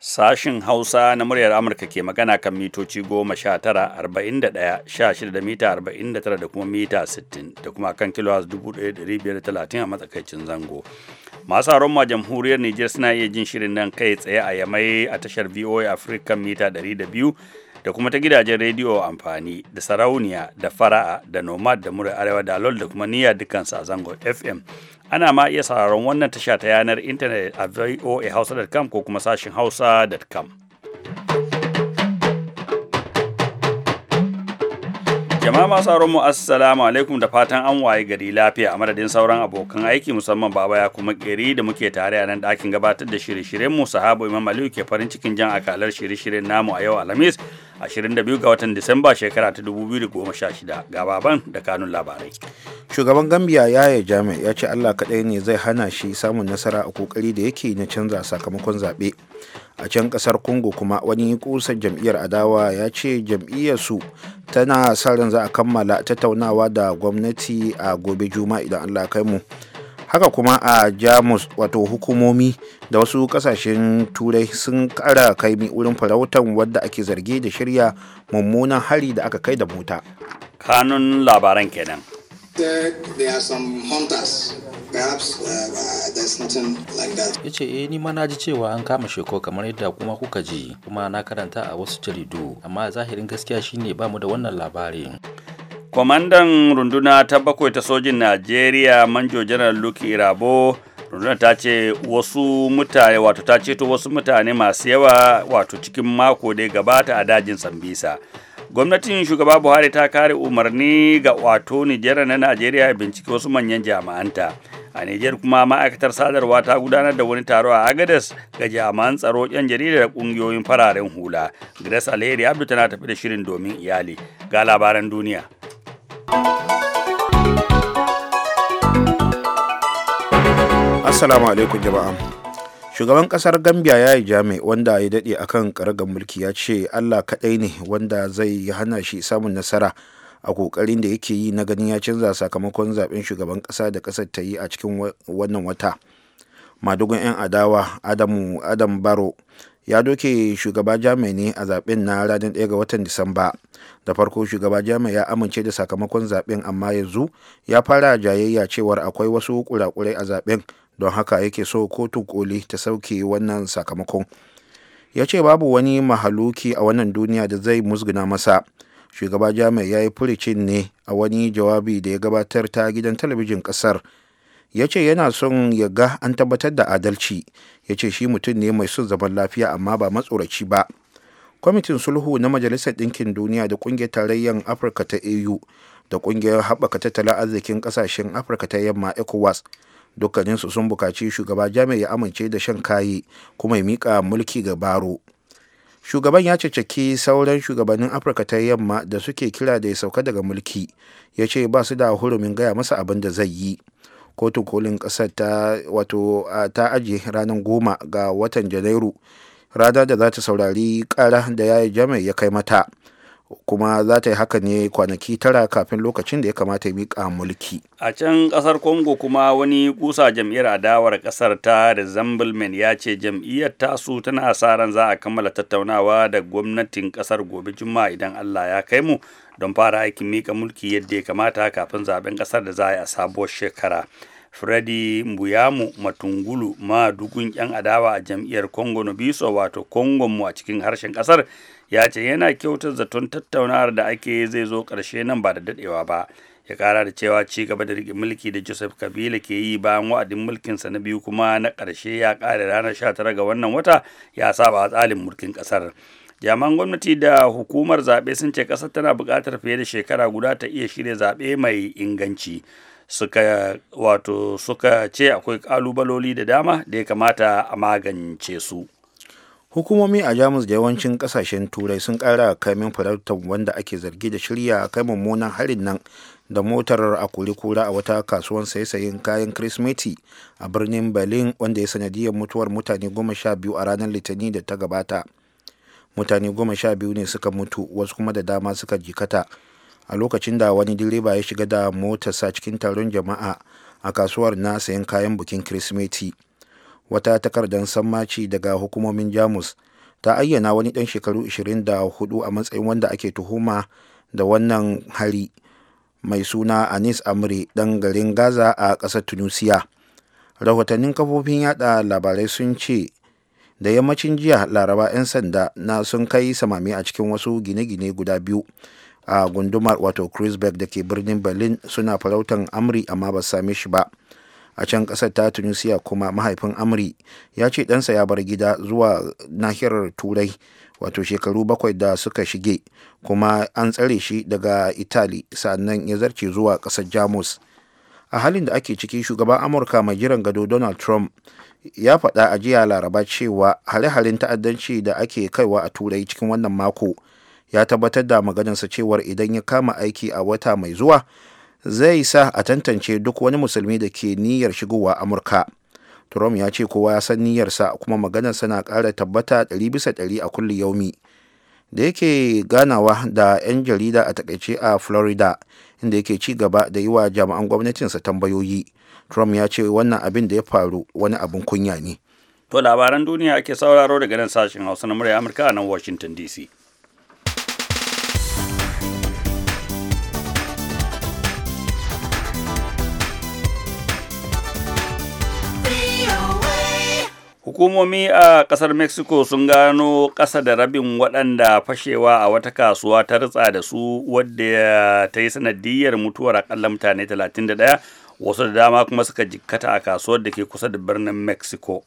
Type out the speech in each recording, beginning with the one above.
Sashin Hausa na muryar Amurka ke magana kan mitoci goma sha tara arba'in da ɗaya sha shida da mita arba'in da tara da kuma mita sittin da kuma kan kilo dubu ɗaya da biyar talatin a matsakaicin zango. Masu haron ma jamhuriyar Nijar suna iya jin shirin nan kai tsaye a yamai a tashar VOA Africa mita ɗari da biyu da kuma ta gidajen rediyo amfani da sarauniya da fara'a da nomad da mura arewa da lol da kuma niyya dukansu a zango fm ana ma iya sauraron wannan tasha ta yanar intanet a voahausa.com ko kuma sashin hausa.com Jama'a masu sauran mu assalamu alaikum da fatan an waye gari lafiya a madadin sauran abokan aiki musamman baba ya kuma keri da muke tare a nan ɗakin gabatar da shirye-shiryen mu sahabo Imam Aliyu ke farin cikin jan akalar shirye-shiryen namu a yau Alhamis 22 ga watan Disamba shekara ta 2016 ga baban da kanun labarai. Shugaban Gambia Yaya jami'a ya ce Allah kaɗai ne zai hana shi samun nasara a kokari da yake na canza sakamakon zaɓe. a can kasar congo kuma wani kusan jam'iyyar adawa ya ce jam'iyyarsu tana sa ran za a kammala tattaunawa da gwamnati a gobe juma idan allah kai mu haka kuma a jamus wato hukumomi da wasu kasashen turai sun kara kaimi wurin farautan wadda ake zargi da shirya mummunan hari da aka kai da mota kanun labaran kenan Uh, uh, Third, ce, eh, ni ma na ji cewa an kama sheko kamar yadda kuma kuka ji, kuma na karanta a wasu jaridu, amma zahirin gaskiya shine ba mu da wannan labarin. Kwamandan runduna ta bakwai ta sojin Najeriya, Manjo Janar Luke Irabo, runduna ta ce wasu mutane wato ta ceto wasu mutane masu yawa wato cikin mako da ya gabata a dajin Sambisa. gwamnatin shugaba buhari ta kare umarni ga wato nijera na najeriya bincike wasu manyan jami'anta a nijar kuma ma'aikatar sadarwa ta gudanar da wani taro a agadas ga jami'an tsaro yan jarida da kungiyoyin fararen hula grace alheri abdu tana tafi da shirin domin iyali ga labaran duniya assalamu alaikum jama'a shugaban kasar gambia ya yi jami wanda ya daɗe akan karagar mulki ya ce allah kaɗai ne wanda zai hana shi samun nasara a kokarin da yake yi na ganin ya canza sakamakon zaben shugaban kasa da kasar ta yi a cikin wannan wata madugun 'yan adawa adamu adam baro ya doke shugaba jami ne a zaben na ranar 1 ga watan disamba da farko shugaba jami ya amince da sakamakon zaben amma yanzu ya fara jayayya cewar akwai wasu kurakurai a zaben don haka yake so kotu koli ta sauke wannan sakamakon ya ce babu wani mahaluki a wannan duniya da zai musguna masa shugaba jami'a ya yi furicin ne a wani jawabi da ya gabatar ta gidan talabijin kasar ya ce yana son ya ga an tabbatar da adalci ya ce shi mutum ne mai son zaman lafiya amma ba matsoraci ba kwamitin sulhu na majalisar ɗinkin duniya da ƙungiyar tarayyar afirka ta au da ƙungiyar haɓaka tattalin arzikin ƙasashen afirka ta yamma ecowas dukkaninsu sun bukaci shugaba jami'a ya amince da shan kayi kuma ya mika mulki ga baro shugaban ya ceceki sauran shugabannin afirka ta yamma da suke kira da ya sauka daga mulki ya ce ba su da hurumin gaya masa abin da zai yi kotun kolin kasar ta wato ta ajiye ranar goma ga watan janairu rada da za ta saurari kara da ya jami ya kai mata kuma za ta yi haka ne kwanaki tara kafin lokacin da ya kamata ya miƙa mulki a can ƙasar congo kuma wani kusa jam'iyyar adawar ƙasar ta resemblement ya ce jam'iyyar tasu tana sa ran za a kammala tattaunawa da gwamnatin ƙasar gobe juma'a idan allah ya kai mu don fara aikin miƙa mulki yadda ya kamata kafin zaben ƙasar da za a yi a sabuwar shekara Freddy Mbuyamu Matungulu ma madugun 'yan adawa a jam'iyyar Congo biso wato Congo mu a cikin harshen ƙasar ya ce yana kyautar zaton tattaunawar da ake zai zo ƙarshe nan ba da daɗewa ba. Ya kara da cewa ci gaba da riƙe mulki da Joseph Kabila ke yi bayan wa'adin mulkinsa na biyu kuma na ƙarshe ya ƙare ranar 19 ga wannan wata ya saba a tsalin mulkin ƙasar. jami'an gwamnati da hukumar zaɓe sun ce ƙasar tana buƙatar fiye da shekara guda ta iya shirya zaɓe mai inganci suka wato suka ce akwai kalubaloli da dama da ya kamata a magance su hukumomi a jamus da yawancin kasashen turai sun kara kaimin farautar wanda ake zargi da shirya kai mummunan harin nan da motar a kura a wata kasuwan saye-sayen kayan kirismeti a birnin berlin wanda ya sanadiyar mutuwar mutane goma sha biyu a ranar litinin da ta gabata mutane goma sha biyu ne suka mutu wasu kuma da dama suka jikata a lokacin da wani direba ya shiga da motarsa cikin taron jama'a a kasuwar na sayan kayan bukin kirsimeti wata takardar sammaci daga hukumomin jamus ta ayyana wani dan shekaru 24 a matsayin wanda ake tuhuma da wannan hari mai suna anis amri ɗan garin gaza a ƙasar tunisia rahotannin kafofin yada labarai sun ce da yammacin jiya laraba 'yan sanda na sun kai samami a cikin wasu gine-gine guda biyu a gundumar wato kreuzberg da ke birnin berlin suna farautan amri amma ba same shi ba a can kasar ta tunisia kuma mahaifin amri ya ce ɗansa ya bar gida zuwa nahiyar turai wato shekaru bakwai da suka shige kuma an tsare shi daga italy sannan ya zarce zuwa ƙasar jamus a halin da ake ciki shugaban amurka mai jiran gado donald trump ya faɗa a jiya laraba cewa hare-haren ta'addanci da ake kaiwa a turai cikin wannan mako ya tabbatar da maganarsa cewar idan ya kama aiki a wata mai zuwa zai sa a tantance duk wani musulmi da ke niyyar shigowa amurka trump ya ce kowa ya san niyyarsa kuma maganarsa na kara tabbata 100% bisa ɗari a kulli yaumi da yake ganawa da 'yan jarida a takaice a florida inda yake ci gaba da yi wa jami'an gwamnatinsa tambayoyi trump ya ce wannan abin da ya faru wani abin kunya ne to labaran duniya ake sauraro daga nan sashen hausa na murya amurka a nan washington dc Hukumomi a ƙasar Mexico sun gano ƙasa da rabin waɗanda fashewa a wata kasuwa ta ritsa da su wadda ta yi sanadiyar mutuwar akalla mutane 31 wasu da dama kuma suka jikkata a kasuwar da ke kusa da birnin Mexico.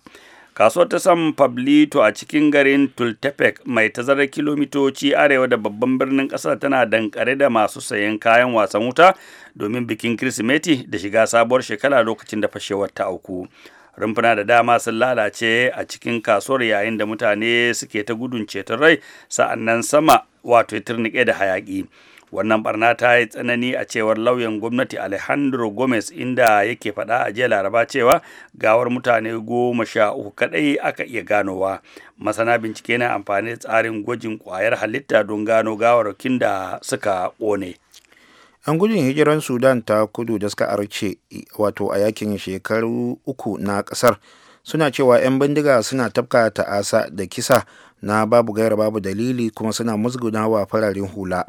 kasuwar ta san Pablito a cikin garin Tultepec mai tazarar kilomitoci arewa da babban birnin ƙasar tana dankare da masu sayan kayan wasan wuta domin bikin Kirsimeti da shiga sabuwar shekara lokacin da fashewar ta auku. rumfuna da dama sun lalace a cikin kasuwar yayin da mutane suke ta gudun ceton rai sa'annan sama wato ya turnike da hayaki wannan barna ta yi tsanani a cewar lauyan gwamnati alejandro gomez inda yake faɗa a jiya laraba cewa gawar mutane goma sha uku kaɗai aka iya ganowa masana bincike na amfani da tsarin gwajin kwayar halitta don gano gawarwakin da suka ƙone 'yan gudun hijiran sudan ta kudu da suka arce wato a yakin shekaru uku na kasar suna cewa 'yan bindiga suna tafka ta'asa da kisa na babu gaira babu dalili kuma suna musguna wa fararen hula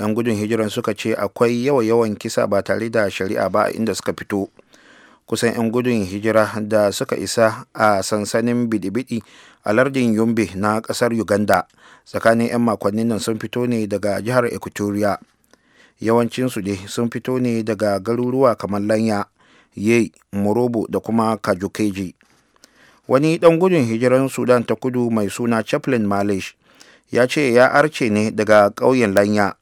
'yan gudun hijiran suka ce akwai yawa yawan kisa ba tare da shari'a ba inda suka fito kusan 'yan gudun hijira da suka isa a sansanin bidibidi a lardin yumbe na kasar uganda tsakanin 'yan makonnin nan sun fito ne daga jihar equatoria yawancinsu ne sun fito ne daga garuruwa kamar lanya ye morobo da kuma kajukeji wani dan gudun hijiran sudan ta kudu mai suna chaplin malish ya ce ya arce ne daga ƙauyen lanya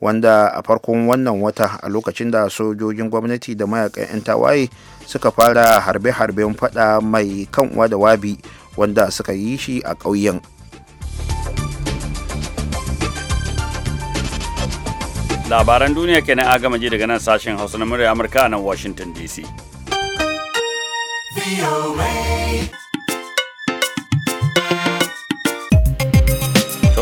wanda a farkon wannan wata a lokacin da sojojin gwamnati da mayakan 'yan tawaye suka fara harbe-harben fada mai kan wada wabi wanda suka yi shi a ƙauyen. labaran duniya kenan a gama ji daga nan sashen hausa na murya amurka nan washington dc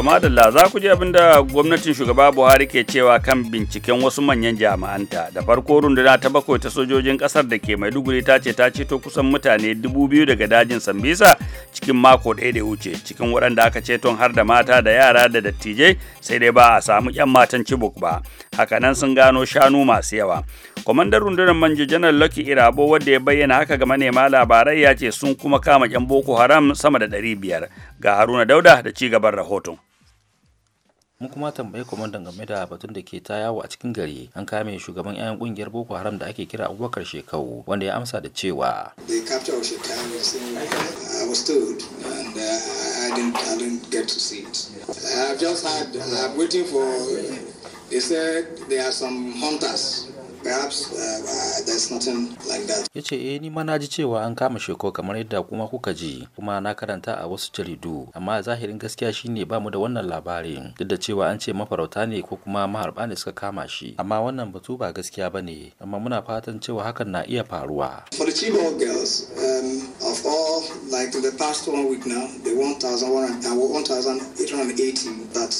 madalla za ku ji abin da gwamnatin shugaba buhari ke cewa kan binciken wasu manyan jami'anta da farko runduna ta bakwai ta sojojin kasar da ke maiduguri ta ce ta ceto kusan mutane dubu biyu daga dajin sambisa cikin mako ɗaya da wuce cikin waɗanda aka ceton har da mata da yara da dattijai sai dai ba a samu 'yan matan cibok ba hakanan sun gano shanu masu yawa kwamandan rundunar manje janar lucky irabo wadda ya bayyana haka ga manema labarai ya ce sun kuma kama 'yan boko haram sama da 500 ga haruna dauda da ci gaban rahoton mun kuma tambayi kwamandan game da batun da ke ta yawo a cikin gari an kame shugaban 'ya'yan kungiyar boko haram da ake kira abubakar shekau wanda ya amsa da cewa They said there are some hunters perhaps uh, uh, there's nothing like that. Ya ce, eh ni ma na ji cewa an kama sheko kamar yadda kuma kuka ji, kuma na karanta a wasu jaridu, amma zahirin gaskiya shine ba mu da wannan labarin, duk da cewa an ce mafarauta ne ko kuma maharba ne suka kama shi, amma wannan batu ba gaskiya ba ne, amma muna fatan cewa hakan na iya faruwa. For the Chibok girls, um, of all, like the past one week now, the 1,880 uh, that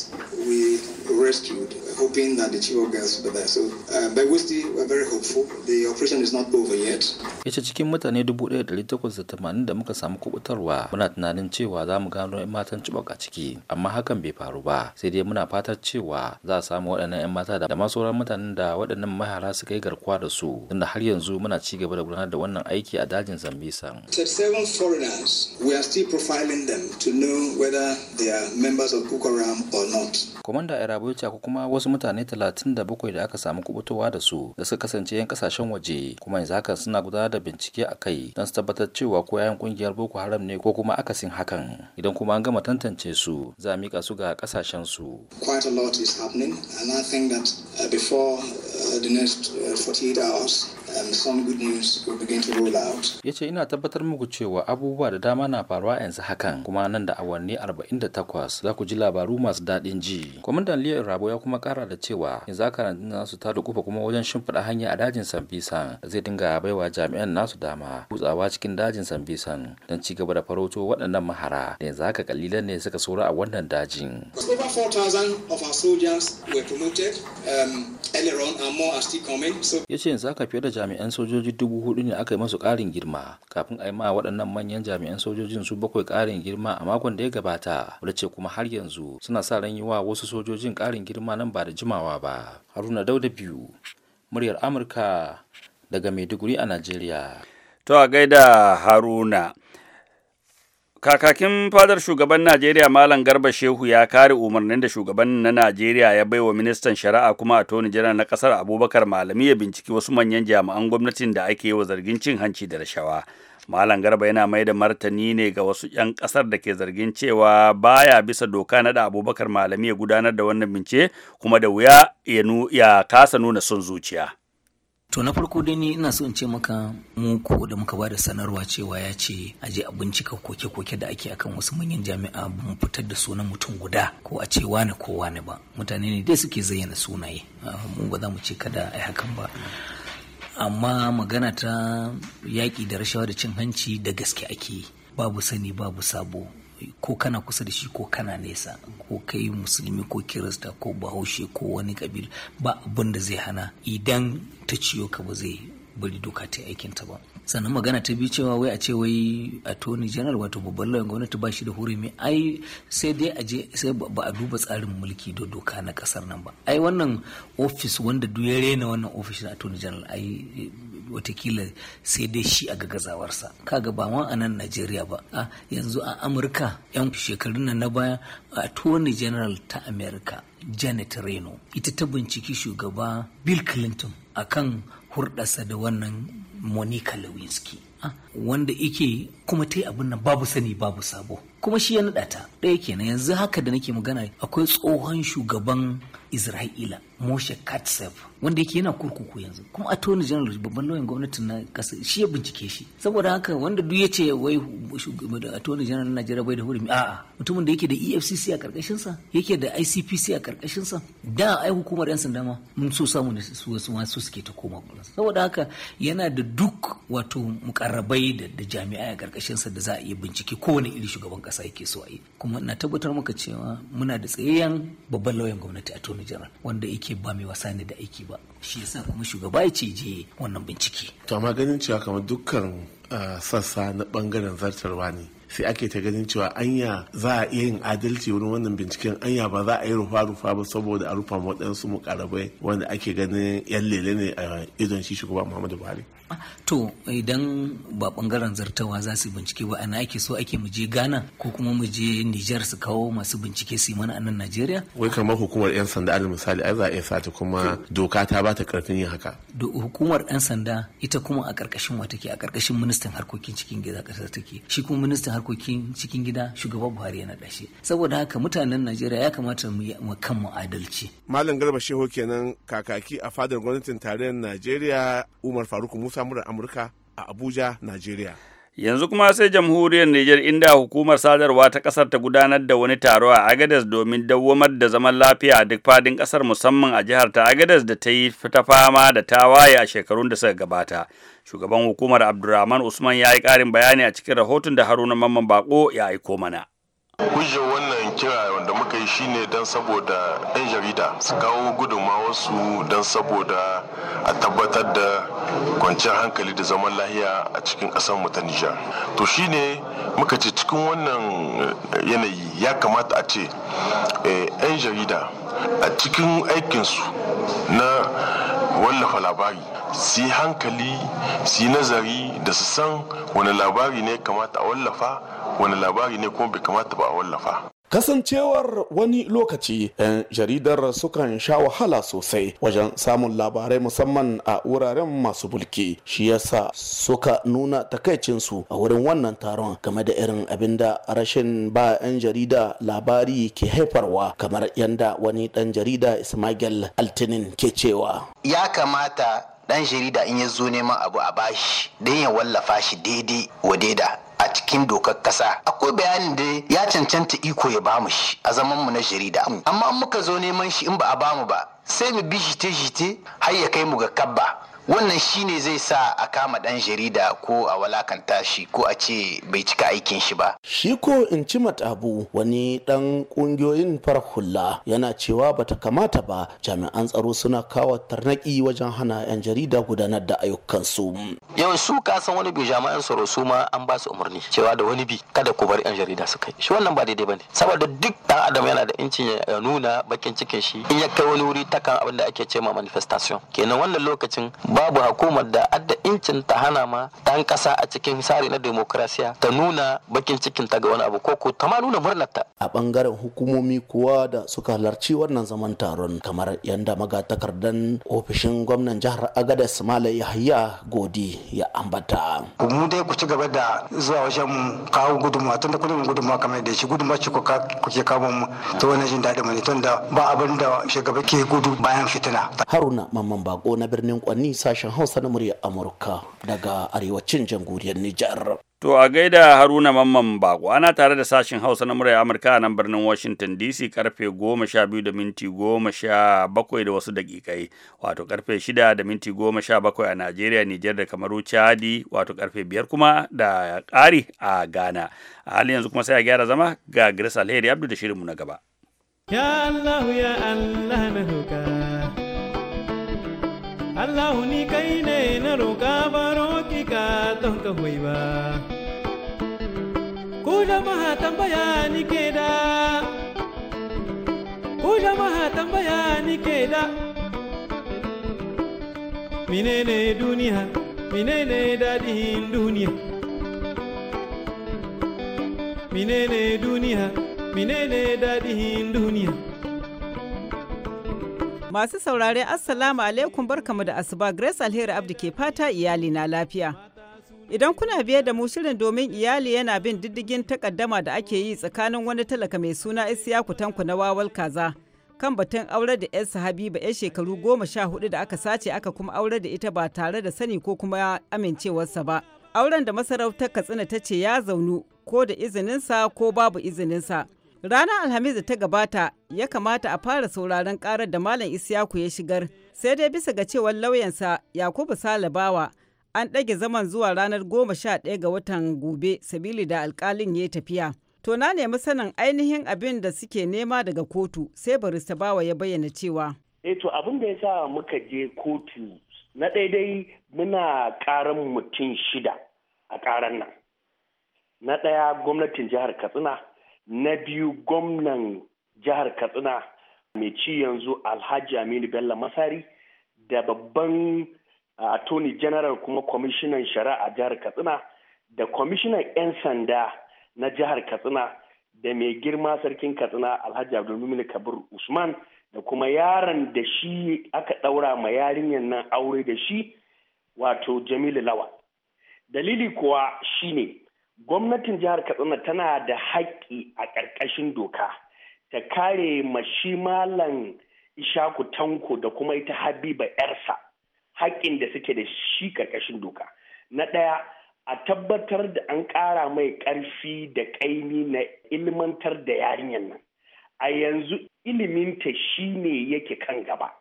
we rescued, hoping that the chief of gas will be there. So, uh, by Wednesday, we're very hopeful. The operation is not over yet. ce cikin mutane 1,880 da muka samu kubutarwa muna tunanin cewa za mu gano 'yan matan cibok a ciki, amma hakan bai faru ba. Sai dai muna fatar cewa za a samu waɗannan 'yan mata da ma sauran mutanen da waɗannan mahara suka yi garkuwa da su, tunda har yanzu muna ci gaba da gudanar da wannan aiki a dajin Zambisan. 37 foreigners, we are still profiling them to know whether they are members of Boko Haram or not. Komanda Erabucha ko kuma wasu wasu mutane 37 da aka samu kubutowa da su da suka kasance 'yan kasashen waje kuma yanzu haka suna gudanar da bincike a kai don su tabbatar cewa ko 'ya'yan kungiyar boko haram ne ko kuma akasin hakan idan kuma an gama tantance su za a mika su ga kasashen su quite a lot is happening and i think that uh, before uh, the next 48 uh, hours Ya ce ina tabbatar muku cewa abubuwa da dama na faruwa yanzu hakan kuma nan da awanni 48 za ku ji labaru masu daɗin ji. Kwamandan liyar Rabo ya kuma ƙara da cewa In ka nan nasu ta da kufa kuma wajen shimfiɗa hanya a dajin Sambisan zai dinga baiwa jami'an nasu dama kutsawa cikin dajin Sambisan don ci gaba da farauto waɗannan mahara da yanzu haka kalilan ne suka saura a wannan dajin. Over of our soldiers Ya ce yanzu haka fiye da jami'an sojoji dubu hudu ne aka yi masu ƙarin girma kafin a yi ma waɗannan manyan jami'an sojojin su bakwai karin girma a makon da ya gabata wadda ce kuma har yanzu suna sa ran yi wa wasu sojojin ƙarin girma nan ba da jimawa ba haruna dauda biyu muryar amurka daga maiduguri a nigeria. to a gaida haruna Kakakin fadar shugaban Najeriya Malam Garba Shehu ya kare umarnin da shugaban na Najeriya ya baiwa ministan shari'a kuma a toni jiran na kasar Abubakar Malami ya binciki wasu manyan jami'an gwamnatin da ake yi wa zargin cin hanci da rashawa. Malam Garba yana mai da martani ne ga wasu 'yan kasar da ke zargin cewa baya bisa doka na da Abubakar Malami ya gudanar da wannan bincike kuma da wuya ya kasa nuna son zuciya. To na farko dai ni ina so in ce maka mu ko da muka ba da sanarwa cewa ya ce a je a bincika koke-koke da ake akan wasu manyan jami'a mu fitar da sunan mutum guda ko a ce wani ko wani ba mutane ne dai suke zayyana sunaye mu ba za mu ce kada a hakan ba amma magana ta yaƙi da rashawa da cin hanci da gaske ake babu sani babu sabo ko kana kusa da shi ko kana nesa ko kai musulmi ko kirista ko bahaushe ko wani kabilu ba abin da zai hana idan ta ciyo ka ba zai bari doka ta aikinta ba sannan magana ta biyu cewa wai a ce wai attorney general wato babban lauyan gwamnati ba shi da hurumi ai sai dai a je sai ba a duba tsarin mulki da doka na kasar nan ba ai wannan ofis wanda duk ya rena wannan ofis na attorney general ai watakila sai dai shi a gagazawarsa kaga ba ma a nan najeriya ba a yanzu a amurka yan shekarun nan na baya a toni general ta Amerika janet reno ita ta binciki shugaba bill clinton akan hurɗarsa da wannan monica lewinsky ah, wanda ike kuma ta yi abin nan babu sani babu sabo kuma shi ya naɗa ta ɗaya kenan yanzu haka da nake magana akwai tsohon shugaban isra'ila moshe katsev wanda yake yana kurkuku yanzu kuma attorney general babban lauyan gwamnatin na ƙasa shi ya bincike shi saboda haka wanda duk ya ce wai attorney general na najeriya da hurumi a'a mutumin da yake da efcc a ƙarƙashin sa yake da icpc a ƙarƙashin sa da ai hukumar yan sanda ma mun so samu ne su wasu ma suke ta koma saboda haka yana da duk wato mukarrabai da jami'ai a ƙarƙashin ƙarƙashinsa da za a iya bincike kowane iri shugaban ƙasa yake so a yi kuma na tabbatar maka cewa muna da tsayayyen babban lauyan gwamnati a tony general wanda yake ba mai wasa ne da aiki ba shi yasa kuma shugaba ya ce je wannan bincike. to amma ganin cewa kamar dukkan ah, sassa na bangaren zartarwa ne sai ake ta ganin cewa anya za a iya yin adalci wurin wannan binciken anya ba za a yi rufa-rufa ba saboda a rufa waɗansu mukarabai wanda ake ganin yan lele ne a idon shi shugaba muhammadu buhari to idan ba bangaren zartawa za su bincike ba ana ake so ake mu je ghana ko kuma mu je nijar su kawo masu bincike su mana a nan najeriya wai kamar hukumar yan sanda alal misali ai za a iya sata kuma doka ta ba ta karfin yin haka hukumar yan sanda ita kuma a karkashin wa take a karkashin ministan harkokin cikin gida kasar take shi kuma ministan harkokin cikin gida shugaba buhari yana ɗashe saboda haka mutanen najeriya ya kamata mu yi kanmu adalci malam garba shehu kenan kakaki a fadar gwamnatin tarayyar najeriya umar faruk musa ta murar Amurka a Abuja, Najeriya. Yanzu kuma sai jamhuriyar Nijar inda hukumar sadarwa ta ƙasar ta gudanar da wani taro a agadas domin dawwamar da zaman lafiya a duk fadin kasar musamman a jihar ta Agadez da ta yi ta fama da tawaye a shekarun da suka gabata. Shugaban hukumar Abdulrahman Usman ya yi ƙarin bayani a cikin rahoton da Haruna Mamman Bako ya aiko mana. hujjar wannan kira wanda muka yi shine don saboda 'yan jarida su kawo gudunmawarsu don saboda a tabbatar da kwanciyar hankali da zaman lahiya a cikin ƙasar mu ta Nijar. To shi ne muka ce cikin wannan eh, yanayi ya kamata a ce 'yan eh, jarida a cikin aikinsu na wallafa labari su hankali su nazari da su san wani labari ne kamata a wallafa wani labari ne kuma bai kamata ba a wallafa. kasancewar wani lokaci 'yan jaridar sukan sha wahala sosai wajen samun labarai musamman a wuraren masu bulki shi yasa suka nuna takaicinsu a wurin wannan taron game da irin abin da rashin ba 'yan jarida labari ke haifarwa kamar yadda wani dan jarida ismail altinin ke cewa ya kamata dan jarida in ya zo neman abu a bashi don ya wallafa shi daidai wa a cikin dokar kasa akwai bayanin da ya cancanta iko ya bamu shi a zaman mu na jarida amma muka zo neman shi in ba a bamu ba sai mu bi shite shite har ya kai mu ga kabba wannan shine zai sa a kama ɗan jarida ko a walakanta shi ko a ce bai cika aikin shi ba shi ko in ci matabu wani ɗan ƙungiyoyin fara hula yana cewa bata kamata ba jami'an tsaro suna kawo tarnaki wajen hana yan jarida gudanar da ayyukansu yau su kasan wani bi jami'an tsaro su ma an ba su umarni cewa da wani bi kada ku bar yan jarida su kai shi wannan ba daidai bane saboda duk ɗan adam yana da incin ya nuna bakin cikin shi in ya kai wani wuri takan abin da ake cewa ma manifestation kenan wannan lokacin babu hukumar da adda incin ta hana ma dan kasa a cikin sari na demokrasiya ta nuna bakin cikin ta ga wani abu ko ta ma nuna ta a bangaren hukumomi kuwa da suka halarci wannan zaman taron kamar yanda magatakardan ofishin gwamnan jihar agadez malam yahya godi ya ambata mu dai ku ci gaba da zuwa wajen mu kawo gudunmuwa tun da kudin gudunmuwa kamar da shi gudunmawa ce kuke kawo mu ta wani jin daɗin mu ne tun da ba abin da shugaba ke gudu bayan fitina haruna mamman bako na birnin kwanni sashen hausa na muryar amurka daga arewacin jamhuriyar nijar to a gaida haruna mamman bako ana tare da sashen hausa na muryar amurka a nan birnin washington dc karfe goma sha biyu da minti goma da wasu daƙiƙai wato karfe shida da minti goma a najeriya nijar da kamaru chadi wato karfe biyar kuma da ƙari a ghana a halin yanzu kuma sai a gyara zama ga grace alheri abdu da shirinmu na gaba ya allah ya allah na hukar Allahu ni kai ne na roƙa baro ki ka don ka hoyi ba. Ku jama'a tambaya ni ke da, ku jama'a tambaya ni ke da. Menene duniya, menene daɗin duniya. Menene duniya, menene daɗin duniya. Masu saurare Assalamu alaikum barkamu da asuba Grace Alheri Abdi ke fata iyali na lafiya. Idan kuna biye da mu shirin domin iyali yana bin diddigin takaddama da ake yi tsakanin wani talaka mai suna isiya kutanku na Wawal Kaza kan batun aure da 'yarsa Habiba 'yar shekaru goma sha hudu da aka sace aka kuma aure da ita ba tare da sani ko kuma amincewarsa ba. Auren da masarautar Katsina ta ce ya zaunu ko da izininsa ko babu izininsa. Ranar Alhamis da ta gabata ya kamata a fara sauraron karar da Malam Isiyaku ya shigar, sai dai bisa ga cewar lauyansa Yakubu Salabawa an ɗage zaman zuwa ranar goma sha ɗaya ga watan gobe sabili da alkalin ya tafiya. To na nemi sanin ainihin abin da suke nema daga kotu sai barista bawa ya bayyana cewa. E to abin da ya sa muka je kotu na daidai muna karan mutum shida a karan nan. Na ɗaya gwamnatin jihar Katsina na biyu gwamnan jihar katsina mai ci yanzu alhaji aminu bello masari da babban attorney general kuma kwamishinan shari'a a jihar katsina da kwamishinan 'yan sanda na jihar katsina da mai girma sarkin katsina alhaji abdulmumin kabir usman da kuma yaron da shi aka daura ma yarinyar nan aure da shi wato jamilu lawa dalili kuwa shine gwamnatin jihar katsina tana da haƙƙi a ƙarƙashin doka ta kare mashi malam ishaku tanko da kuma ita habiba yarsa haƙƙin da suke da shi ƙarƙashin doka na ɗaya a tabbatar da an ƙara mai ƙarfi da ƙaimi na ilmantar da yarinyar nan a yanzu iliminta shi ne yake kan gaba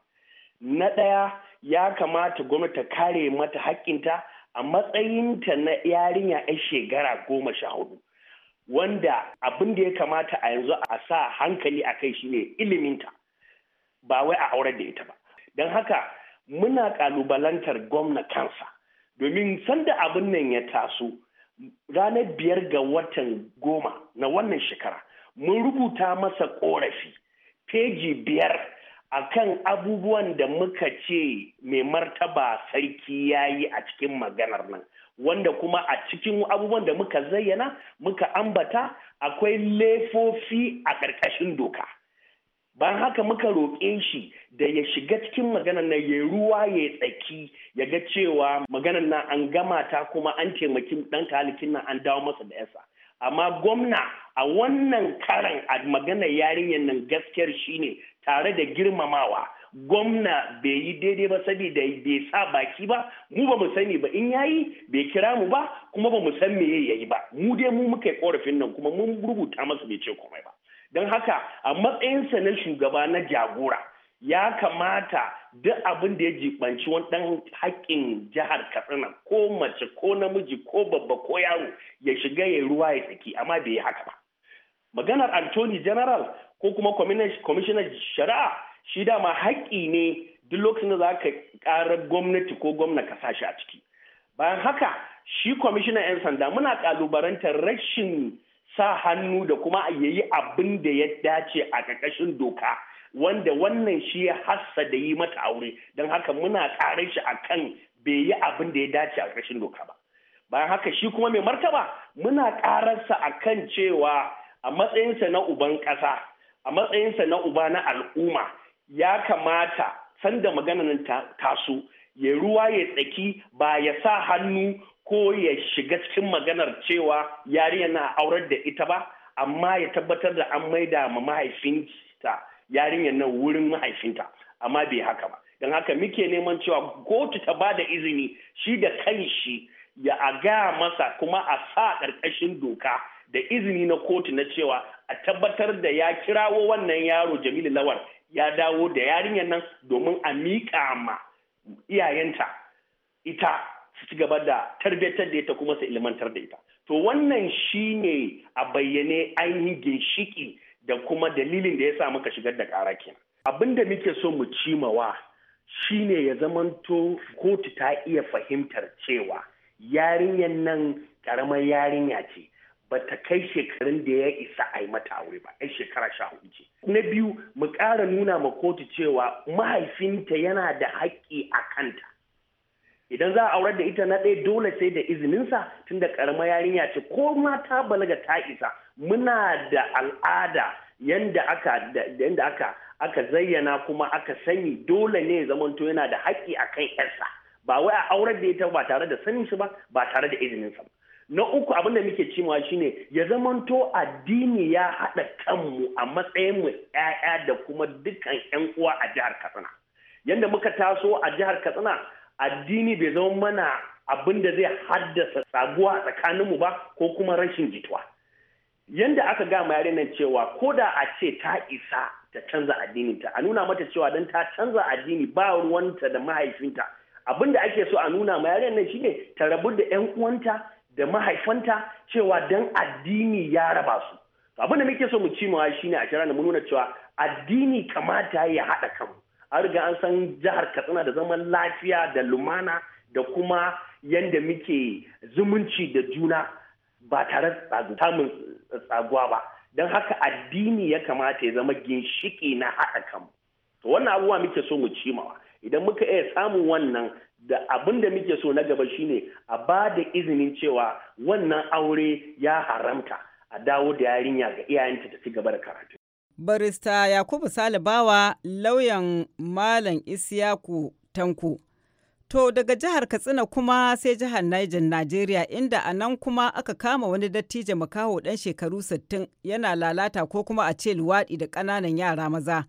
na ɗaya ya kamata gwamnati ta kare mata haƙƙinta a matsayinta na yarinya 'yan shekara goma sha hudu wanda abin da ya kamata a yanzu a sa hankali a kai shine iliminta ba wai a aurar da ita ba don haka muna kalubalantar gwamna kansa domin sanda abin nan ya taso ranar biyar ga watan goma na wannan shekara mun rubuta masa korafi feji biyar akan abubuwan da muka ce mai martaba sarki ya yi a cikin maganar nan wanda kuma a cikin abubuwan da muka zayyana muka ambata akwai laifofi a ƙarƙashin doka ban haka muka roƙe shi da ya shiga cikin maganar na ya ruwa ya tsaki ya ga cewa maganar nan an gama ta kuma an taimaki ɗan kalikin nan an dawo masa da yasa amma gwamna a wannan karan a maganar yarinyar nan gaskiyar shine tare da girmamawa gwamna bai yi daidai ba saboda bai sa baki ba mu ba mu sani ba in yayi bai kira mu ba kuma ba mu san me ya yi ba mu dai mu muka yi korafin nan kuma mun rubuta masa bai ce komai ba don haka a matsayinsa na shugaba na jagora ya kamata duk abin da ya jibanci wani ɗan haƙƙin jihar katsina ko mace ko namiji ko babba ko yaro ya shiga ya ruwa ya tsaki amma bai yi haka ba maganar antony general ko kuma kwamishinan shari'a shi dama haƙƙi ne duk lokacin da za ka ƙara gwamnati ko gwamna ka sashi a ciki bayan haka shi kwamishinan 'yan sanda muna ƙalubarantar rashin sa hannu da kuma yi abin da ya dace a ƙarƙashin doka wanda wannan shi ya hassa da yi mata aure don haka muna ƙarar shi akan bai yi abin da ya dace a ƙarƙashin doka ba bayan haka shi kuma mai martaba muna ƙararsa a kan cewa a matsayinsa na uban ƙasa a matsayinsa na uba na al'umma ya kamata sanda maganan taso ya ruwa ya tsaki ba ya sa hannu ko ya shiga cikin maganar cewa yarinya na aurar da ita ba amma ya tabbatar da an maida ma mahaifinta yarinyar nan wurin mahaifinta amma bai haka ba don haka muke neman cewa kotu ta ba da izini shi da kanshi ya a gaya masa kuma a sa ƙarƙashin doka da izini na kotu na cewa a tabbatar da ya kirawo wannan yaro jamilu Lawar, ya dawo da yarinyar nan domin a miƙa ma iyayenta ita su ci gaba da tarbiyyar da ita kuma su ilmantar da ita to wannan shi ne a bayyane ainihin ginshiki da kuma dalilin da ya sa muka shigar da ƙara kenan abin da muke so mu cimawa shine ya zamanto kotu ta iya fahimtar cewa yarinyar nan ƙaramar yarinya ce ba ta kai shekarun da ya isa a yi mata aure ba ai shekara sha hudu ce na biyu mu ƙara nuna ma kotu cewa mahaifinta yana da haƙƙi a kanta idan za a aurar da ita na ɗaya dole sai da izininsa tun da ƙarama yarinya ce ko ma ta balaga ta isa muna da al'ada yanda aka yanda aka aka zayyana kuma aka sani dole ne zamanto yana da haƙƙi a kan 'yarsa ba wai a aurar da ita ba tare da sanin shi ba ba tare da izininsa ba na uku abin da muke cimawa shine ya zamanto addini ya haɗa kanmu a matsayin mu 'ya'ya da kuma dukkan ƴan uwa a jihar katsina yadda muka taso a jihar katsina addini bai zama mana abin da zai haddasa saguwa tsakaninmu ba ko kuma rashin jituwa yadda aka gama yare nan cewa ko da a ce ta isa ta canza addininta a nuna mata cewa dan ta canza addini ba ruwanta da mahaifinta abin da ake so a nuna ma yare nan shine ta rabu da ƴan uwanta da mahaifanta cewa don addini ya raba su abin da muke so mu cimawa shine a kira mu nuna cewa addini kamata ya haɗa kanmu an riga an san jihar katsina da zaman lafiya da lumana da kuma yadda muke zumunci da juna ba tare samun tsaguwa ba don haka addini ya kamata ya zama ginshiki na haɗa kanmu to wannan abubuwa muke so mu cimawa idan muka iya samun wannan da abin da muke so na gaba shine a ba da izinin cewa wannan aure ya haramta a dawo da yarinya ga iyayenta ta ci gaba da karatu. Barista Yakubu Salibawa lauyan Malam Isiyaku Tanko. To daga jihar Katsina kuma sai jihar Niger Najeriya inda a nan kuma aka kama wani dattijo makaho dan shekaru 60 yana lalata ko kuma a ce luwaɗi da ƙananan yara maza.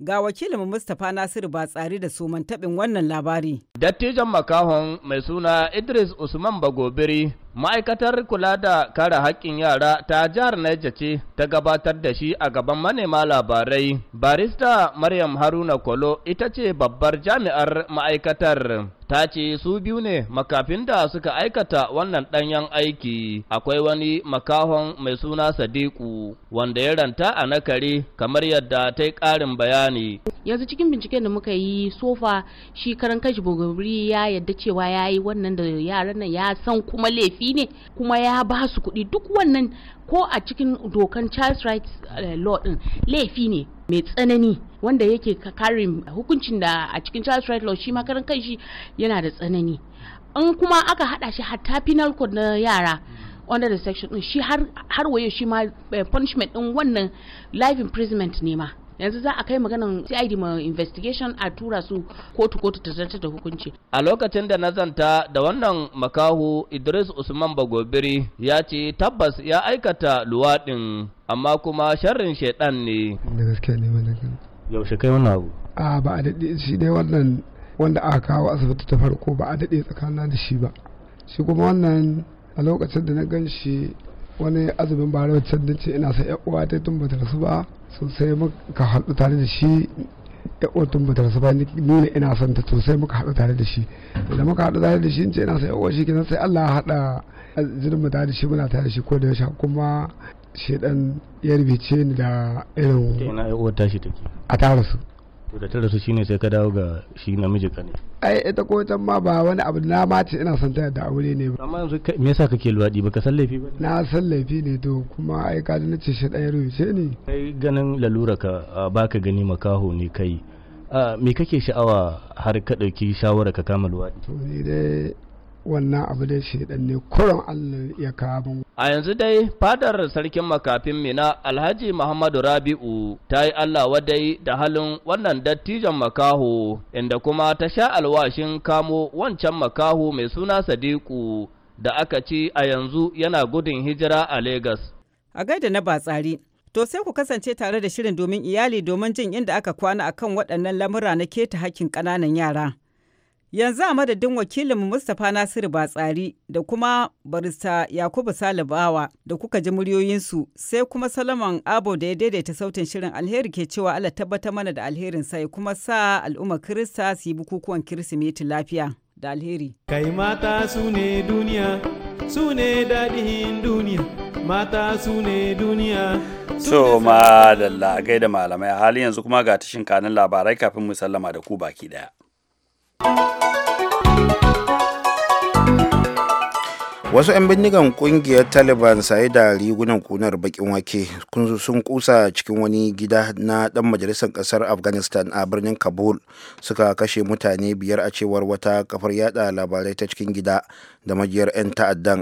Ga wakilin Mustapha Nasiru ba tsari da suman taɓin wannan labari. Dattijan makahon mai suna Idris Usman Bagobiri Ma'aikatar kula da kare haƙƙin yara ta jihar Niger ce ta gabatar da shi a gaban manema labarai. Barista Maryam Haruna Kolo ita ce babbar jami'ar ma'aikatar. Ta ce su biyu ne makafin da suka aikata wannan ɗanyen aiki. Akwai wani makahon mai suna Sadiku wanda ya ranta a nakare kamar yadda ta yi ƙarin bayani. Yanzu cikin binciken da muka yi sofa shi karan kashi bogabri ya yadda cewa ya yi wannan da yaran nan ya san kuma laifi kuɗi ne kuma ya ba su kuɗi duk wannan ko a cikin dokan child rights eh, law ɗin laifi ne mai tsanani wanda yake kare hukuncin da a cikin child rights law shi makarin kanshi yana da tsanani in kuma aka hada shi hatta penal code na yara under the section shi har waye shi ma eh, punishment din wannan life imprisonment ne ma yanzu za a kai maganan CID ma investigation a tura su kotu kotu ta zartar da hukunci a lokacin da na zanta da wannan makahu Idris Usman Bagobiri ya ce tabbas ya aikata luwaɗin amma kuma sharrin shaidan ne da gaske ne wannan yaushe kai wannan abu a ba a daɗe shi dai wannan wanda aka kawo asibiti ta farko ba a daɗe tsakanin da shi ba shi kuma wannan a lokacin da na gan shi wani azumin bara wacce ce ina sa ƴan uwa ta tun ta rasu ba sosai muka haɗu tare da shi ya mutar madarasa ba nuna ina son ta sosai muka haɗu tare da shi da muka haɗu tare da shi ce ina son yawon shi ke sai Allah ya haɗa jinin mu tare da shi muna tare da shi ko da yaushe kuma ɗan ya rubice ni da irin a tara su to da ta rasu shine sai ka dawo ga shi namiji kane ai ita ko can ma ba wani abu na ma ce ina son ta da aure ne ba amma yanzu me yasa kake luwadi baka san laifi ba na san laifi ne to kuma ai ka na ce shi ɗaya rubuce ne kai ganin lalura ka baka gani makaho ne kai me kake sha'awa har ka ɗauki shawara ka kama luwaɗi. to ni dai wannan abu da shaidan ne kuran Allah ya kawo a yanzu dai fadar sarkin makafin mina alhaji muhammadu rabi'u ta yi Allah wadai da halin wannan dattijan makaho inda kuma ta sha alwashin kamo wancan makaho mai suna sadiku da aka ci a yanzu yana gudun hijira a Legas. A gaida na batsari, to sai ku kasance tare da shirin domin iyali domin jin inda aka kwana akan waɗannan lamura na keta hakkin ƙananan yara. Yanzu a madadin wakilinmu Mustapha Nasiru Batsari da kuma barista Yakubu Salibawa da kuka ji muryoyinsu sai kuma Salaman Abo da ya daidaita sautin shirin alheri ke cewa Allah tabbatar mana da alherin sai kuma sa al'ummar Kirista su yi bukukuwan Kirsimeti lafiya da alheri. Kai mata su ne duniya, su ne daɗin duniya, mata su ne duniya. So ma da malamai a halin yanzu kuma ga tashin kanin labarai kafin mu sallama da ku baki ɗaya. wasu 'yan bindigan kungiyar taliban saye da rigunan kunar bakin wake sun kusa cikin wani gida na dan majalisar kasar afghanistan a birnin kabul suka kashe mutane biyar a cewar wata kafar yada labarai ta cikin gida da majiyar 'yan ta'addan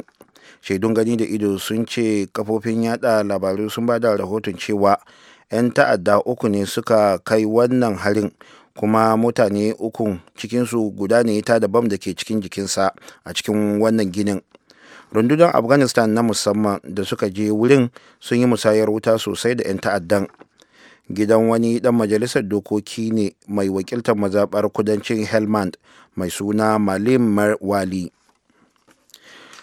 shaidun gani da ido sun ce kafofin yada labarai sun ba da rahoton cewa 'yan ta'adda uku ne suka kai wannan harin kuma mutane ukun cikinsu guda ne ta da bam da ke cikin jikinsa a cikin wannan ginin rundunar afghanistan na musamman da suka je wurin sun yi musayar wuta sosai da 'yan ta'addan gidan wani dan majalisar dokoki ne mai wakiltar mazabar kudancin helmand mai suna malim wali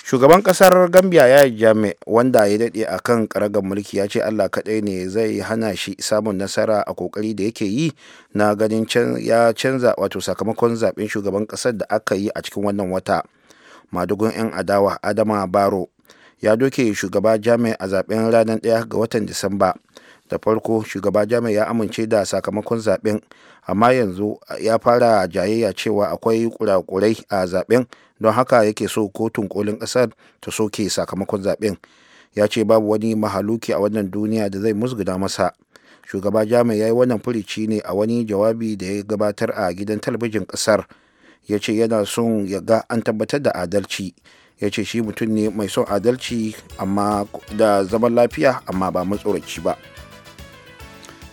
shugaban kasar gambia ya jame wanda ya dade a kan karagar mulki ya ce allah kaɗai ne zai hana shi samun nasara a kokari da yake yi na ganin ya canza wato sakamakon zaben shugaban kasar da aka yi a cikin wannan wata madugun 'yan adawa adama baro ya doke shugaba jami a zaben ranar 1 ga watan disamba da farko shugaba jami ya amince da sakamakon zaben amma yanzu ya fara jayayya cewa akwai kurakurai a zaben don haka yake so kotun kolin kasar ta soke sakamakon zaben ya ce babu wani mahaluki a wannan duniya da zai musguna masa shugaba jami ya yi wannan furici ne a wani jawabi da ya gabatar a gidan talabijin kasar ya ce yana son ya ga an tabbatar da adalci ya ce shi mutum ne mai son adalci da zaman lafiya amma ba matsoraci ba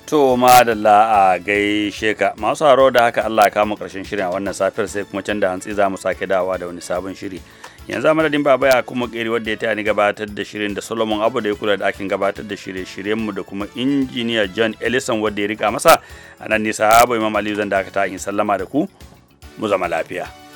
To madalla a gaishe ka masu haro da haka Allah ya kama karshen shirin a wannan safiyar sai kuma can da hantsi za mu sake dawowa da wani sabon shiri. Yanzu a madadin baba ya kuma keri wadda ya taya ni gabatar da shirin da Solomon Abu da ya kula da ake gabatar da shirye-shiryen mu da kuma injiniya John Ellison wadda ya rika masa a nan nisa Abu Imam Aliyu zan dakata in sallama da ku mu zama lafiya.